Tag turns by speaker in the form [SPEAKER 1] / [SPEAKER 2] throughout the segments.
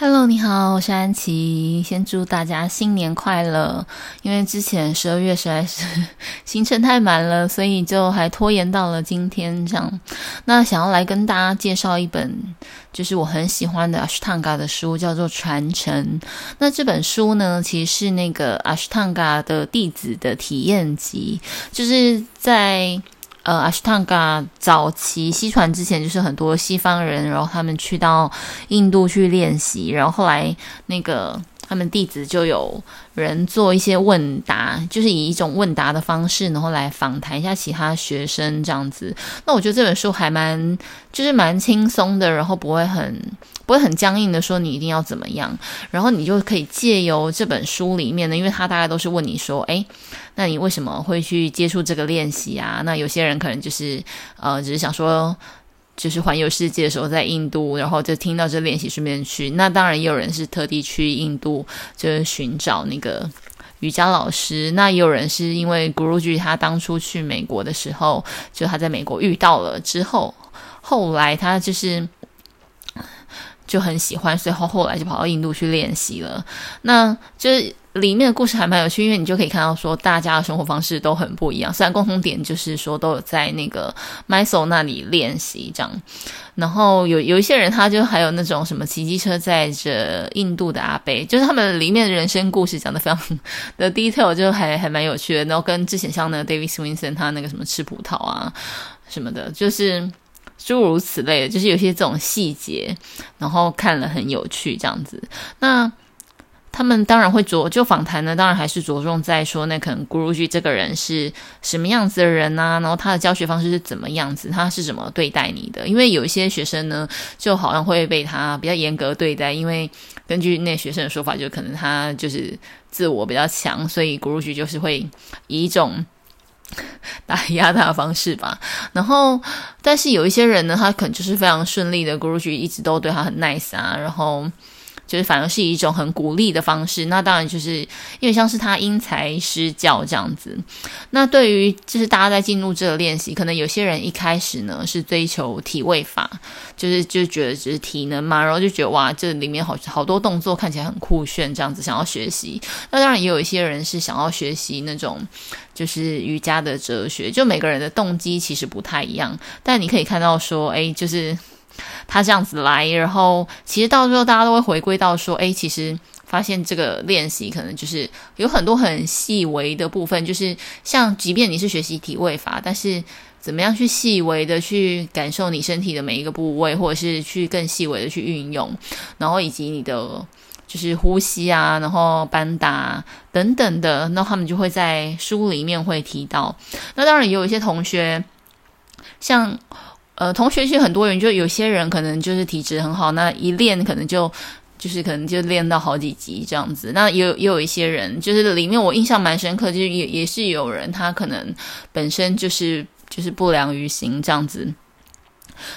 [SPEAKER 1] Hello，你好，我是安琪。先祝大家新年快樂！因為之前十二月實在是行程太滿了，所以就還拖延到了今天這樣。那想要來跟大家介紹一本，就是我很喜歡的 Ashtanga 的書，叫做《傳承》。那這本書呢，其實是那個 Ashtanga 的弟子的體驗集，就是在。呃，阿斯坦加早期西傳之前，就是很多西方人，然後他們去到印度去練習，然後後來那個。他們弟子就有人做一些問答，就是以一種問答的方式，然後來訪談一下其他學生這樣子。那我覺得這本書還蠻，就是蠻輕鬆的，然後不會很不會很僵硬的說你一定要怎麼樣，然後你就可以借由這本書裡面呢，因為他大概都是問你說，誒，那你為什麼會去接觸這個練習啊？那有些人可能就是呃，只是想說。就是環遊世界的時候，在印度，然後就聽到這練習，順便去。那當然也有人是特地去印度，就是尋找那個瑜伽老師。那也有人是因為 Guruji 他當初去美國的時候，就他在美國遇到了之後，後來他就是就很喜歡，所以後後來就跑到印度去練習了。那就裡面的故事還蠻有趣，因為你就可以看到說大家的生活方式都很不一樣，雖然共同點就是說都有在那個 Mysore 那裡練習這樣。然後有有一些人他就還有那種什麼騎機車，載著印度的阿伯，就是他們裡面的人生故事講的非常的 detail，就還還蠻有趣的。然後跟之前像那個 David Swenson 他那個什麼吃葡萄啊什麼的，就是諸如此類的，就是有些這種細節，然後看了很有趣這樣子。那他們當然會着就訪談呢，當然還是着重在說那可能 Guruji 這個人是什麼樣子的人呢、啊？然後他的教學方式是怎麼樣子？他是怎麼對待你的？因為有一些學生呢，就好像會被他比較嚴格對待，因為根據那學生的說法，就可能他就是自我比較強，所以 Guruji 就是會以一種打壓他的方式吧。然後，但是有一些人呢，他可能就是非常順利的，Guruji 一直都對他很 nice 啊，然後。就是反而是以一種很鼓勵的方式，那當然就是因為像是他因材施教這樣子。那對於就是大家在進入這個練習，可能有些人一開始呢是追求體位法，就是就覺得只是體能嘛，然後就覺得哇，這裡面好好多動作看起來很酷炫，這樣子想要學習。那當然也有一些人是想要學習那種就是瑜伽的哲學，就每個人的動機其實不太一樣。但你可以看到說，誒，就是。他這樣子來，然後其實到最後大家都會回歸到說，誒，其實發現這個練習可能就是有很多很細微的部分，就是像即便你是學習體位法，但是怎麼樣去細微的去感受你身體的每一個部位，或者是去更細微的去運用，然後以及你的就是呼吸啊，然後班達、啊、等等的，那他們就會在書裡面會提到。那當然，也有一些同學像。呃，同學其實很多人，就有些人可能就是體質很好，那一練可能就就是可能就練到好幾級這樣子。那也有也有一些人，就是裡面我印象蠻深刻，就也也是有人他可能本身就是就是不良於行這樣子。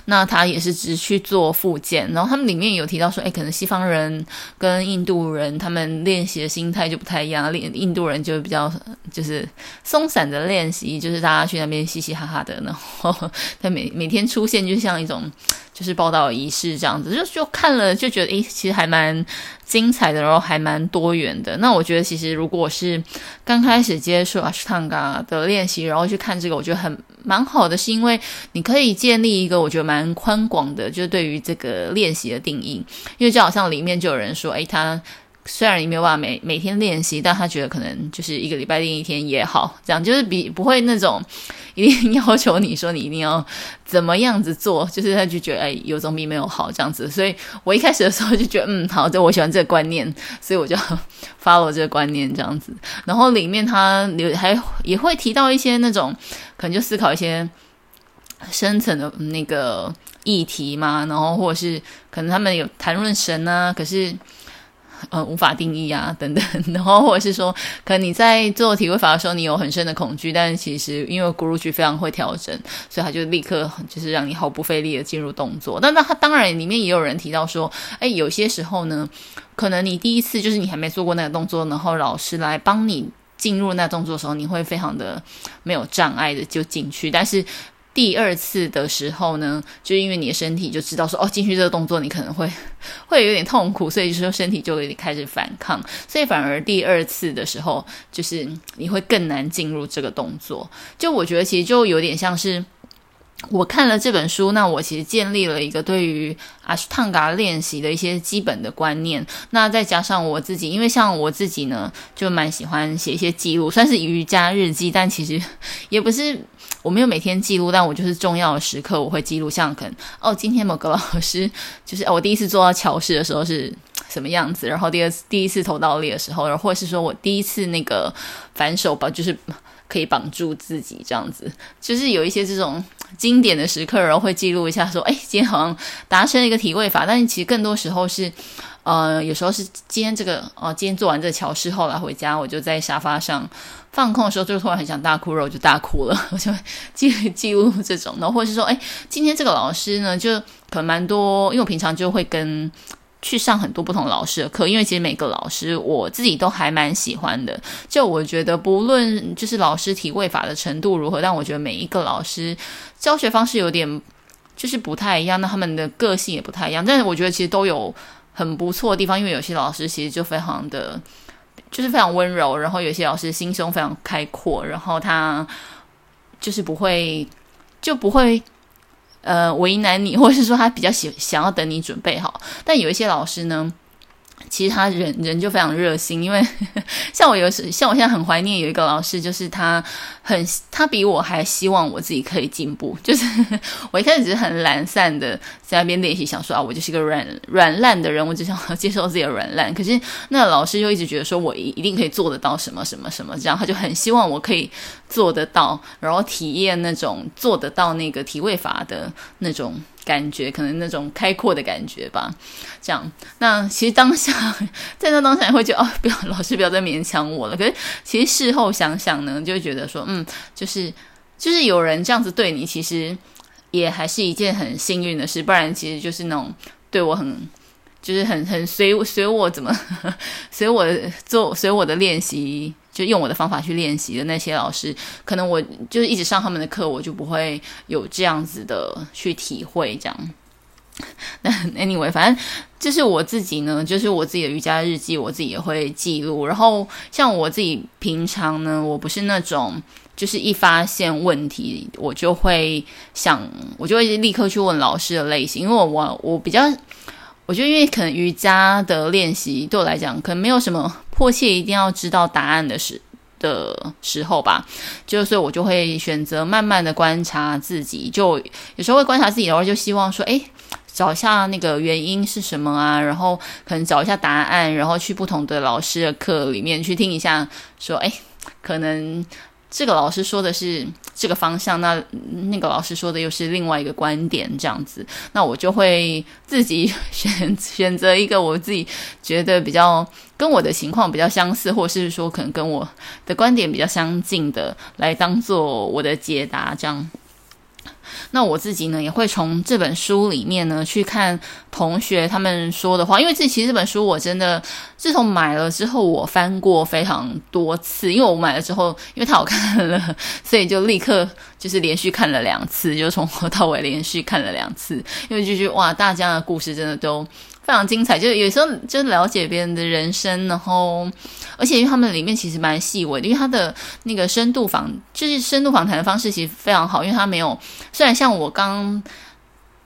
[SPEAKER 1] 那他也是只去做復健，然後他們裡面有提到說，哎，可能西方人跟印度人他們練習的心態就不太一樣，印度人就比較就是鬆散的練習，就是大家去那邊嘻嘻哈哈的，然後他每每天出現就像一種就是報道儀式這樣子，就就看了就覺得，誒，其實還蠻精彩的，然後還蠻多元的。那我覺得其實如果是剛開始接觸阿斯坦加的練習，然後去看這個，我覺得很蠻好的，是因為你可以建立一個我。我覺得蠻寬廣的，就是對於這個練習的定義，因為就好像裡面就有人說，哎，他雖然你沒有辦法每每天練習，但他覺得可能就是一個禮拜練一天也好，這樣就是比不會那種一定要求你說你一定要怎麼樣子做，就是他就覺得哎，有總比沒有好這樣子，所以我一開始的時候就覺得，嗯，好，這我喜歡這個觀念，所以我就 follow 這個觀念這樣子，然後裡面他留還也會提到一些那種可能就思考一些。深層的那個議題嘛，然後或者是可能他們有談論神啊，可是呃無法定義啊等等，然後或者是說，可能你在做體會法的時候，你有很深的恐懼，但是其實因為 Guruji 非常會調整，所以他就立刻就是讓你毫不費力的進入動作。但那他當然裡面也有人提到說，哎，有些時候呢，可能你第一次就是你還沒做過那個動作，然後老師來幫你進入那個動作的時候，你會非常的沒有障礙的就進去，但是。第二次的時候呢，就因為你的身體就知道說，哦，進去這個動作你可能會會有點痛苦，所以就說身體就會開始反抗，所以反而第二次的時候，就是你會更難進入這個動作。就我覺得其實就有點像是。我看了這本書，那我其實建立了一個對於阿斯湯嘎練習的一些基本的觀念。那再加上我自己，因為像我自己呢，就蠻喜歡寫一些記錄，算是瑜伽日記，但其實也不是我沒有每天記錄，但我就是重要的時刻我會記錄，像可能哦，今天某個老師就是、哦、我第一次做到橋式的時候是什麼樣子，然後第二次第一次頭倒立的時候，然或者是說我第一次那個反手抱，就是。可以綁住自己，這樣子就是有一些這種經典的時刻，然後會記錄一下說，說哎，今天好像達成一個體位法，但是其實更多時候是，呃，有時候是今天這個哦、呃，今天做完這個橋式後來回家，我就在沙發上放空的時候，就突然很想大哭，然後就大哭了，我就記記錄這種，然後或者是說，哎，今天這個老師呢，就可能蠻多，因為我平常就會跟。去上很多不同老師的課，因為其實每個老師我自己都還蠻喜歡的。就我覺得，不論就是老師體位法的程度如何，但我覺得每一個老師教學方式有點就是不太一樣，那他們的個性也不太一樣。但是我覺得其實都有很不錯的地方，因為有些老師其實就非常的，就是非常溫柔，然後有些老師心胸非常開闊，然後他就是不會就不會。呃，為難你，或是說他比較喜想要等你準備好，但有一些老師呢，其實他人人就非常熱心，因為像我有時，像我現在很懷念有一個老師，就是他很，他比我還希望我自己可以進步。就是我一開始只是很懶散的在那邊練習，想說啊，我就是一個軟軟爛的人，我只想要接受自己的軟爛。可是那老師就一直覺得說我一定可以做得到什麼什麼什麼，這樣他就很希望我可以做得到，然後體驗那種做得到那個體位法的那種。感覺可能那種開闊的感覺吧，這樣。那其實當下，在那當下也會覺得哦，不要，老師不要再勉強我了。可是其實事後想想呢，就會覺得說，嗯，就是就是有人這樣子對你，其實也還是一件很幸運的事。不然其實就是那種對我很，就是很很隨隨我怎麼隨我做隨我的練習。就用我的方法去練習的那些老師，可能我就是一直上他們的課，我就不會有這樣子的去體會。這樣，那 anyway，反正就是我自己呢，就是我自己的瑜伽日記，我自己也會記錄。然後像我自己平常呢，我不是那種就是一發現問題，我就會想，我就會立刻去問老師的類型，因為我我我比較，我覺得，因為可能瑜伽的練習對我來講，可能沒有什麼迫切一定要知道答案的時的時候吧，就所以我就會選擇慢慢的觀察自己，就有時候會觀察自己，然後就希望說，哎，找一下那個原因是什麼啊，然後可能找一下答案，然後去不同的老師的課裡面去聽一下，說，哎，可能這個老師說的是。這個方向，那那個老師說的又是另外一個觀點，這樣子，那我就會自己選選擇一個我自己覺得比較跟我的情況比較相似，或者是說可能跟我的觀點比較相近的，來當做我的解答，這樣。那我自己呢，也會從這本書裡面呢去看同學他們說的話，因為這其實這本書我真的自從買了之後，我翻過非常多次，因為我買了之後，因為太好看了，所以就立刻就是連續看了兩次，就從頭到尾連續看了兩次，因為就覺得，哇，大家的故事真的都。非常精彩，就是有時候就了解別人的人生，然後而且因為他們裡面其實蠻細微的，因為他的那個深度訪，就是深度訪談的方式其實非常好，因為他沒有，雖然像我剛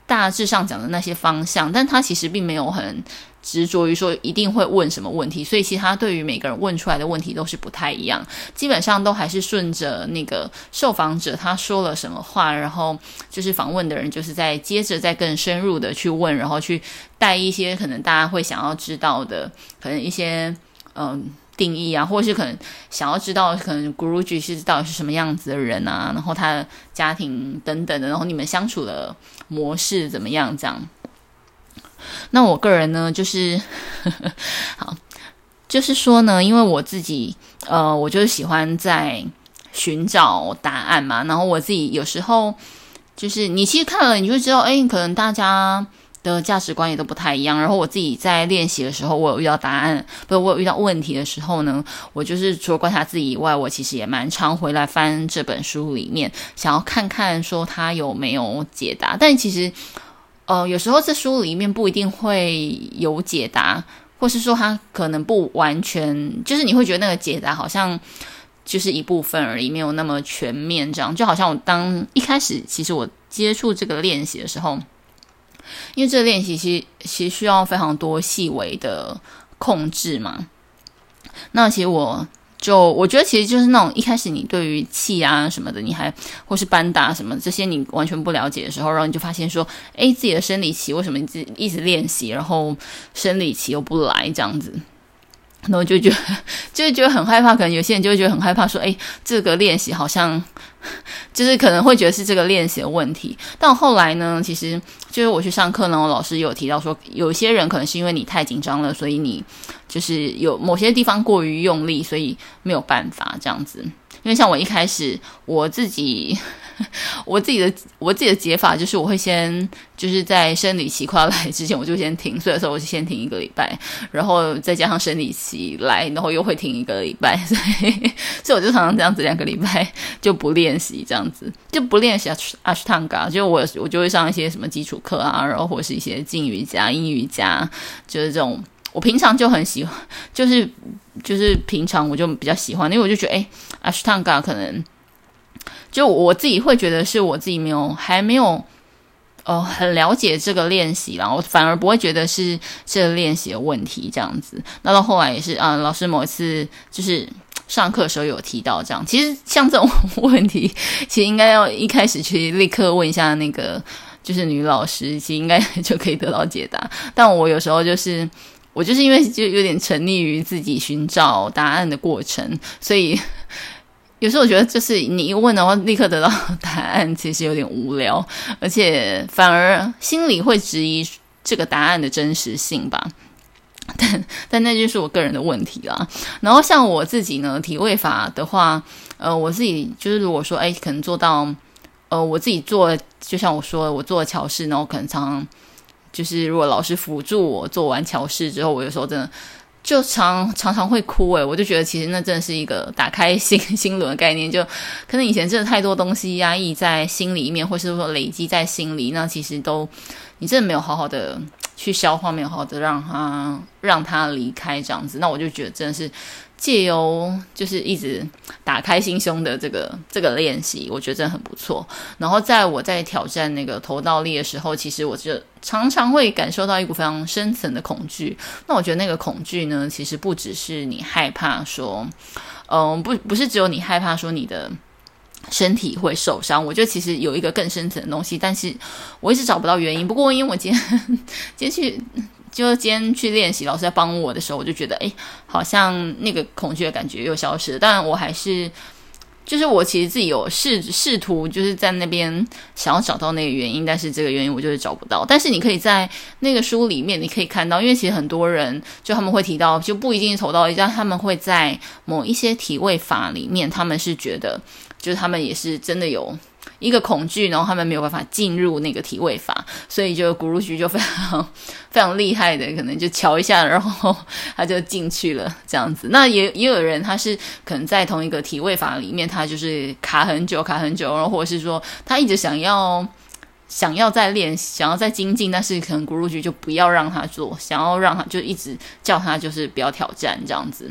[SPEAKER 1] 大致上講的那些方向，但他其實並沒有很。執着於說一定會問什麼問題，所以其他對於每個人問出來的問題都是不太一樣，基本上都還是順着那個受訪者他說了什麼話，然後就是訪問的人就是在接着再更深入的去問，然後去帶一些可能大家會想要知道的，可能一些嗯、呃、定義啊，或者是可能想要知道可能 Guruji 是到底是什麼樣子的人啊，然後他的家庭等等的，然後你們相處的模式怎麼樣這樣。那我個人呢，就是 好，就是說呢，因為我自己呃，我就喜歡在尋找答案嘛。然後我自己有時候就是，你其實看了，你就知道，哎，可能大家的價值觀也都不太一樣。然後我自己在練習的時候，我有遇到答案，不是我有遇到問題的時候呢，我就是除了觀察自己以外，我其實也蠻常回來翻這本書裡面，想要看看說他有沒有解答。但其實。呃，有時候這書裡面不一定會有解答，或是說他可能不完全，就是你會覺得那個解答好像就是一部分而已，沒有那麼全面這樣，就好像我當一開始，其實我接觸這個練習的時候，因為這個練習其實其實需要非常多細微的控制嘛，那其實我。就我覺得其實就是那種一開始你對於氣啊什麼的，你還或是班達什麼的這些你完全不了解的時候，然後你就發現說，哎，自己的生理期為什麼一直一直練習，然後生理期又不來這樣子，然後就覺得就覺得很害怕，可能有些人就會覺得很害怕，說，哎，這個練習好像。就是可能會覺得是這個練習的問題，但後來呢，其實就是我去上課呢，我老師也有提到說，有些人可能是因為你太緊張了，所以你就是有某些地方過於用力，所以沒有辦法這樣子。因為像我一開始我自己。 我自己的我自己的解法，就是我會先就是在生理期快要來之前我就先停。所以說我就先停一個禮拜，然後再加上生理期來，然後又會停一個禮拜，所以所以我就常常這樣子兩個禮拜就不練習，這樣子就不練習 Ashtanga，就我我就會上一些什麼基礎課啊，然後或者是一些靜瑜伽、陰瑜伽，就是這種我平常就很喜歡，就是就是平常我就比較喜歡，因為我就覺得誒 Ashtanga 可能。就我自己會覺得是我自己沒有還沒有，哦，很了解這個練習啦。我反而不會覺得是這個練習的問題這樣子。那到後，後來也是啊，老師某一次就是上課的時候有提到這樣。其實像這種問題，其實應該要一開始去立刻問一下那個就是女老師，其實應該就可以得到解答。但我有時候就是我就是因為就有點沉溺於自己尋找答案的過程，所以。有時候我覺得，就是你一問的話，立刻得到答案，其實有點無聊，而且反而心裡會質疑這個答案的真實性吧。但但那就是我個人的問題啦。然後像我自己呢，體位法的話，呃，我自己就是如果說，哎，可能做到，呃，我自己做，就像我說，我做橋式，然後可能常常就是如果老師輔助我做完橋式之後，我有時候真的。就常常常會哭誒、欸，我就覺得其實那真的是一個打開心心輪的概念，就可能以前真的太多東西壓、啊、抑在心裡面，或是說累積在心裡，那其實都你真的沒有好好的去消化，沒有好好的讓他讓他離開這樣子，那我就覺得真的是。借由就是一直打開心胸的這個這個練習，我覺得真的很不錯。然後在我在挑戰那個頭倒立的時候，其實我就常常會感受到一股非常深層的恐懼。那我覺得那個恐懼呢，其實不只是你害怕說，嗯、呃，不，不是只有你害怕說你的身體會受傷。我覺得其實有一個更深層的東西，但是我一直找不到原因。不過因為我今天今天去。就今天去練習，老師在幫我的時候，我就覺得，誒，好像那個恐懼的感覺又消失了。但我還是，就是我其實自己有試試圖，就是在那邊想要找到那個原因，但是這個原因我就是找不到。但是你可以在那個書裡面，你可以看到，因為其實很多人就他們會提到，就不一定是投到一家頭倒立，但他們會在某一些體位法裡面，他們是覺得，就是他們也是真的有。一個恐懼，然後他們沒有辦法進入那個體位法，所以就 Guruji 就非常非常厲害的，可能就瞧一下，然後他就進去了這樣子。那也也有人，他是可能在同一個體位法裡面，他就是卡很久，卡很久，然後或者是說他一直想要想要再練，想要再精進，但是可能 Guruji 就不要讓他做，想要讓他就一直叫他就是不要挑戰這樣子。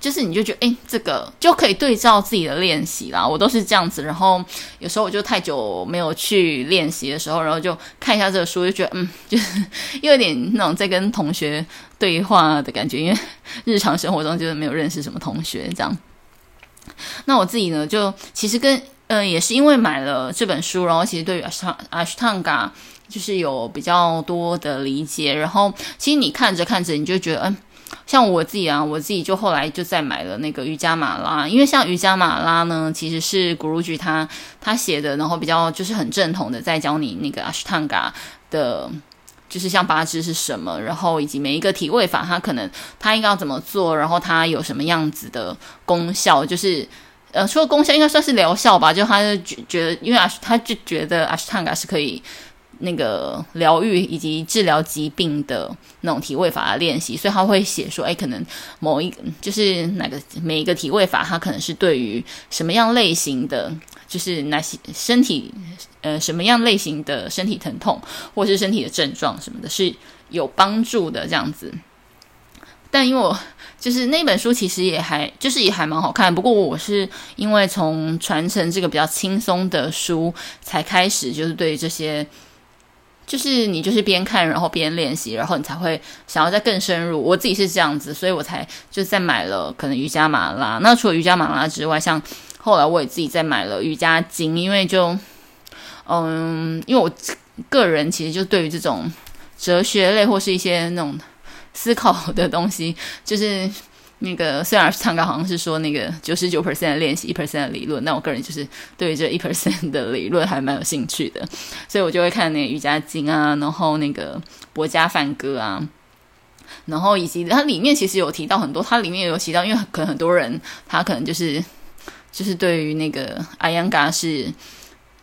[SPEAKER 1] 就是你就覺得，哎、欸，這個就可以對照自己的練習啦。我都是這樣子，然後有時候我就太久沒有去練習的時候，然後就看一下這個書，就覺得，嗯，就是又有點那種在跟同學對話的感覺，因為日常生活中就是沒有認識什麼同學這樣。那我自己呢，就其實跟，嗯、呃，也是因為買了這本書，然後其實對於 Ash Ashtanga 就是有比較多的理解，然後其實你看着看着，你就覺得，嗯。像我自己啊，我自己就後來就再買了那個瑜伽馬拉，因為像瑜伽馬拉呢，其實是 Guruji 他他寫的，然後比較就是很正統的，在教你那個 Ashtanga 的，就是像八支是什麼，然後以及每一個體位法，它可能它應該要怎麼做，然後它有什麼樣子的功效，就是呃，除了功效，應該算是療效吧，就他就覺覺得，因為他就覺得 Ashtanga 是可以。那個療癒以及治療疾病的那種體位法的練習，所以他會寫說：“哎，可能某一個就是哪個每一個體位法，它可能是對於什麼樣類型的就是那些身體呃什麼樣類型的身體疼痛，或者是身體的症狀什麼的，是有幫助的這樣子。但因為我就是那本書其實也還就是也還蠻好看，不過我是因為從傳承這個比較輕鬆的書才開始，就是對於這些。”就是你就是邊看然後邊練習，然後你才會想要再更深入。我自己是這樣子，所以我才就再買了可能瑜伽馬拉。那除了瑜伽馬拉之外，像後來我也自己再買了瑜伽經，因為就嗯，因為我個人其實就對於這種哲學類或是一些那種思考的東西，就是。那個，雖然是 Guruji，好像是說那個九十九 percent 練習，一 percent 理論。那我個人就是對於這一 percent 的理論還蠻有興趣的，所以我就會看那個瑜伽經啊，然後那個博伽梵歌啊，然後以及它裡面其實有提到很多，它裡面有提到，因為可能很多人他可能就是就是對於那個艾揚嘎是，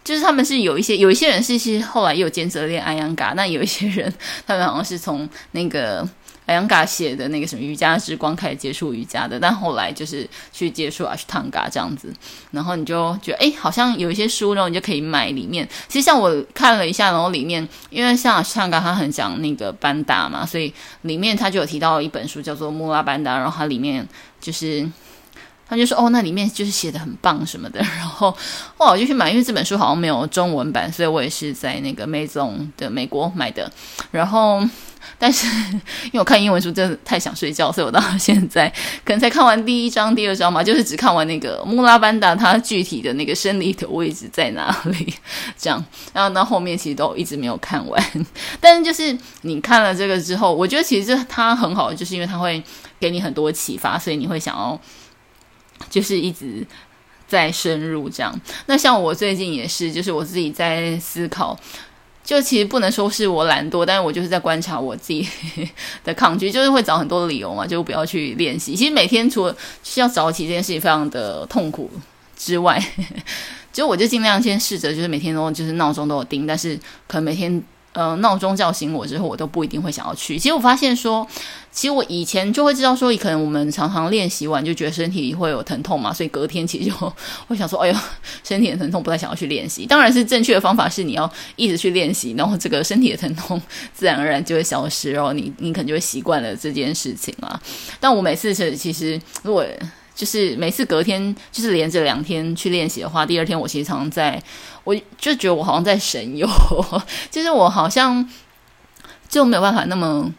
[SPEAKER 1] 就是他們是有一些有一些人是是後來又兼職練艾揚嘎，那有一些人他們好像是從那個。阿 y 嘎寫的那個什麼瑜伽之光，開始接觸瑜伽的，但後來就是去接觸阿 s h 嘎這樣子，然後你就覺得誒、欸、好像有一些書，然後你就可以買裡面。其實像我看了一下，然後裡面，因為像阿 s h 嘎他很講那個班達嘛，所以裡面他就有提到一本書叫做《穆拉班達》，然後它裡面就是。他就說：“哦，那裡面就是寫得很棒什麼的。”然後哇，我就去買，因為這本書好像沒有中文版，所以我也是在那個 Amazon 的美國買的。然後，但是因為我看英文書真的太想睡覺，所以我到現在可能才看完第一章、第二章嘛，就是只看完那個穆拉班達他具體的那個生理的位置在哪裡這樣。然後到後，後面其實都一直沒有看完。但是就是你看了這個之後，我覺得其實它很好，就是因為它會給你很多啟發，所以你會想要。就是一直在深入這樣。那像我最近也是，就是我自己在思考，就其實不能說是我懶惰，但是我就是在觀察我自己的抗拒，就是會找很多理由嘛，就不要去練習。其實每天除了需要早起這件事情非常的痛苦之外，就我就盡量先試着，就是每天都就是鬧鐘都有定，但是可能每天。嗯、呃，鬧鐘叫醒我之後，我都不一定會想要去。其實我發現說，其實我以前就會知道說，可能我們常常練習完就覺得身體會有疼痛嘛，所以隔天其實就會想說，哎呦，身體的疼痛不太想要去練習。當然是正確的方法是你要一直去練習，然後這個身體的疼痛自然而然就會消失，然後你你可能就會習慣了這件事情啊。但我每次是其實如果。就是每次隔天，就是連着兩天去練習的話，第二天我其實常在，我就覺得我好像在神遊，呵呵，就是我好像就沒有辦法那麽，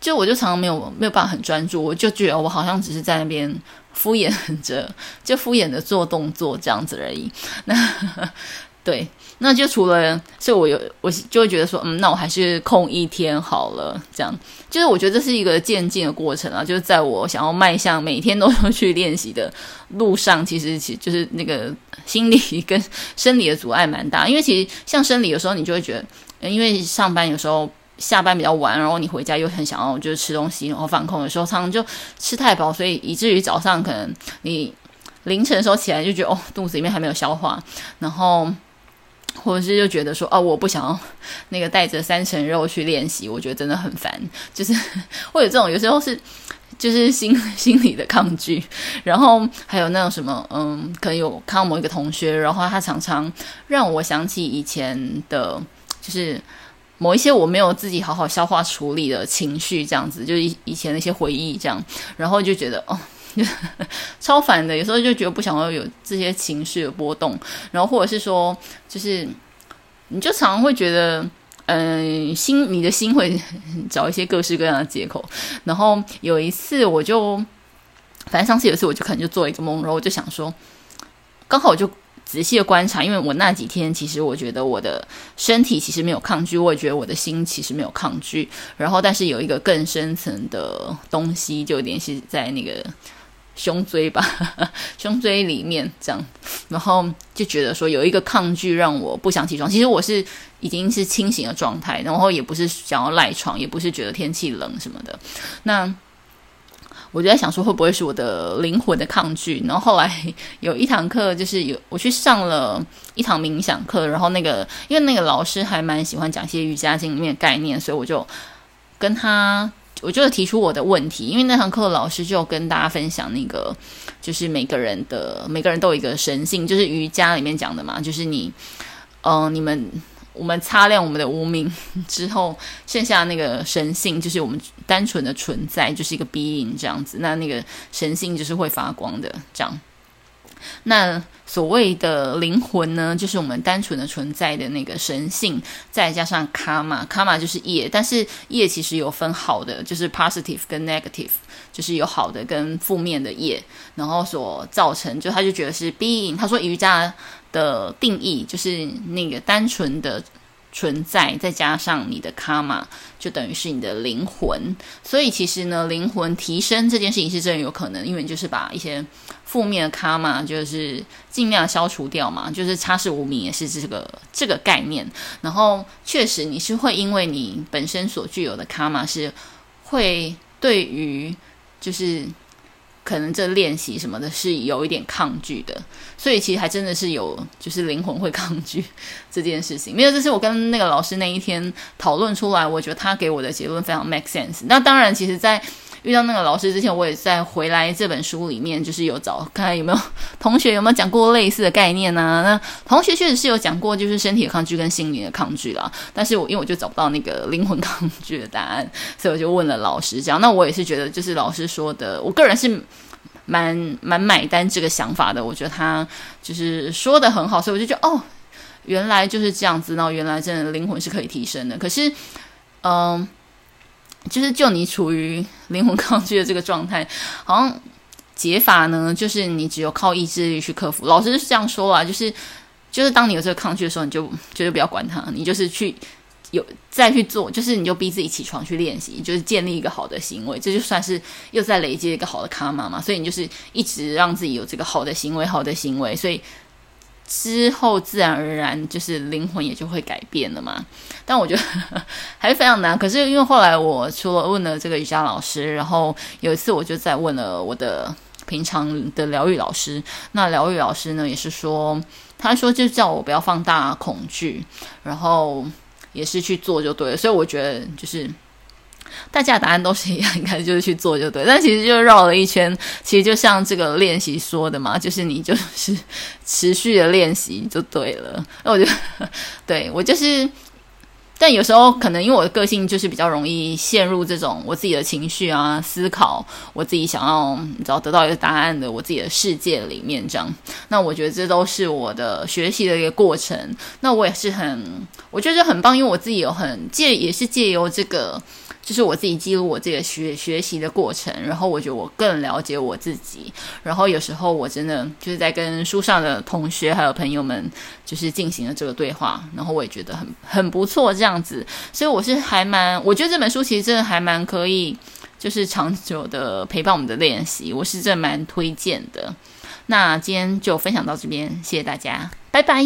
[SPEAKER 1] 就我就常常沒有沒有辦法很專注，我就覺得我好像只是在那邊敷衍着，就敷衍着做動作這樣子而已。那。呵呵對，那就除了，所以，我有我就會覺得說，嗯，那我還是空一天好了，這樣。就是我覺得這是一個漸進的過程啊，就是在我想要邁向每天都要去練習的路上，其實其就是那個心理，跟生理的阻礙蠻大，因為其實像生理有時候你就會覺得，嗯，因為上班有時候下班比較晚，然後你回家又很想要就是吃東西，然後放空的時候常常就吃太飽，所以以至於早上可能你凌晨的時候起來就覺得哦，肚子裡面還沒有消化，然後。或者是就覺得說哦，我不想要那個帶着三層肉去練習，我覺得真的很煩。就是會有這種，有時候是就是心心理的抗拒，然後還有那種什麼，嗯，可能有看到某一個同學，然後他常常讓我想起以前的，就是某一些我沒有自己好好消化處理的情緒，這樣子，就是以以前那些回憶這樣，然後就覺得哦。 超煩的，有時候就覺得不想要有這些情緒的波動，然後或者是說，就是你就常常會覺得，嗯、呃，心你的心會找一些各式各樣的借口。然後有一次，我就反正上次有一次，我就可能就做一個夢，然後我就想說，剛好我就仔細的觀察，因為我那幾天其實我覺得我的身體其實沒有抗拒，我也覺得我的心其實沒有抗拒，然後但是有一個更深層的東西就聯繫在那個。胸椎吧， 胸椎裡面這樣，然後就覺得說有一個抗拒讓我不想起床。其實我是已經是清醒的狀態，然後也不是想要賴床，也不是覺得天氣冷什麼的。那我就在想說，會不會是我的靈魂的抗拒？然後後來有一堂課，就是有我去上了一堂冥想課，然後那個因為那個老師還蠻喜歡講一些瑜伽經裡面的概念，所以我就跟他。我就提出我的問題，因為那堂課老師就跟大家分享那個，就是每個人的每個人都有一個神性，就是瑜伽裡面講的嘛，就是你，嗯、呃，你們我們擦亮我們的無明之後，剩下那個神性就是我們單純的存在，就是一個 being 這樣子，那那個神性就是會發光的這樣。那所謂的靈魂呢，就是我們單純的存在的那個神性，再加上卡瑪，卡瑪就是業，但是業其實有分好的，就是 positive 跟 negative，就是有好的跟負面的業，然後所造成，就他就覺得是 being，他說瑜伽的定義就是那個單純的。存在，再加上你的卡瑪，就等於是你的靈魂。所以其實呢，靈魂提升這件事情是真的有可能，因為就是把一些負面的卡瑪就是盡量消除掉嘛，就是擦拭無明也是這個這個概念。然後確實你是會因為你本身所具有的卡瑪是會對於就是。可能這練習什麼的是有一點抗拒的，所以其實還真的是有，就是靈魂會抗拒這件事情。沒有，這是我跟那個老師那一天討論出來，我覺得他給我的結論非常 make sense。那當然，其實在。遇到那個老師之前，我也在《回來》這本書裡面，就是有找看看有沒有同學有沒有講過類似的概念呢？啊，那同學確實是有講過，就是身體的抗拒跟心理的抗拒啦。但是我因為我就找不到那個靈魂抗拒的答案，所以我就問了老師，這樣。那我也是覺得，就是老師說的，我個人是蠻蠻買單這個想法的。我覺得他就是說得很好，所以我就覺得哦，原來就是這樣子，那原來真的靈魂是可以提升的。可是，嗯、呃。就是就你處於靈魂抗拒的這個狀態，好像解法呢，就是你只有靠意志力去克服。老師是這樣說啊，就是就是當你有這個抗拒的時候，你就就是不要管它，你就是去有再去做，就是你就逼自己起床去練習，就是建立一個好的行為，這就算是又在累積一個好的卡瑪嘛。所以你就是一直讓自己有這個好的行為，好的行為，所以。之後自然而然就是靈魂也就會改變了嘛，但我覺得還是非常難。可是因為後來我除了問了這個瑜伽老師，然後有一次我就在問了我的平常的療癒老師，那療癒老師呢也是說，他說就叫我不要放大恐懼，然後也是去做就對了。所以我覺得就是。大家的答案都是一樣，應該就是去做就對。但其實就繞了一圈，其實就像這個練習說的嘛，就是你就是持續的練習就對了。那我覺得，對我就是，但有時候可能因為我的個性就是比較容易陷入這種我自己的情緒啊、思考，我自己想要找得到一個答案的我自己的世界裡面這樣。那我覺得這都是我的學習的一個過程。那我也是很，我覺得很棒，因為我自己有很借，也是借由這個。就是我自己記錄我自己學學習的過程，然後我覺得我更了解我自己。然後有時候我真的就是在跟書上的同學還有朋友們，就是進行了這個對話，然後我也覺得很很不錯這樣子。所以我是還蠻，我覺得這本書其實真的還蠻可以，就是長久的陪伴我們的練習，我是真的蠻推薦的。那今天就分享到這邊，謝謝大家，拜拜。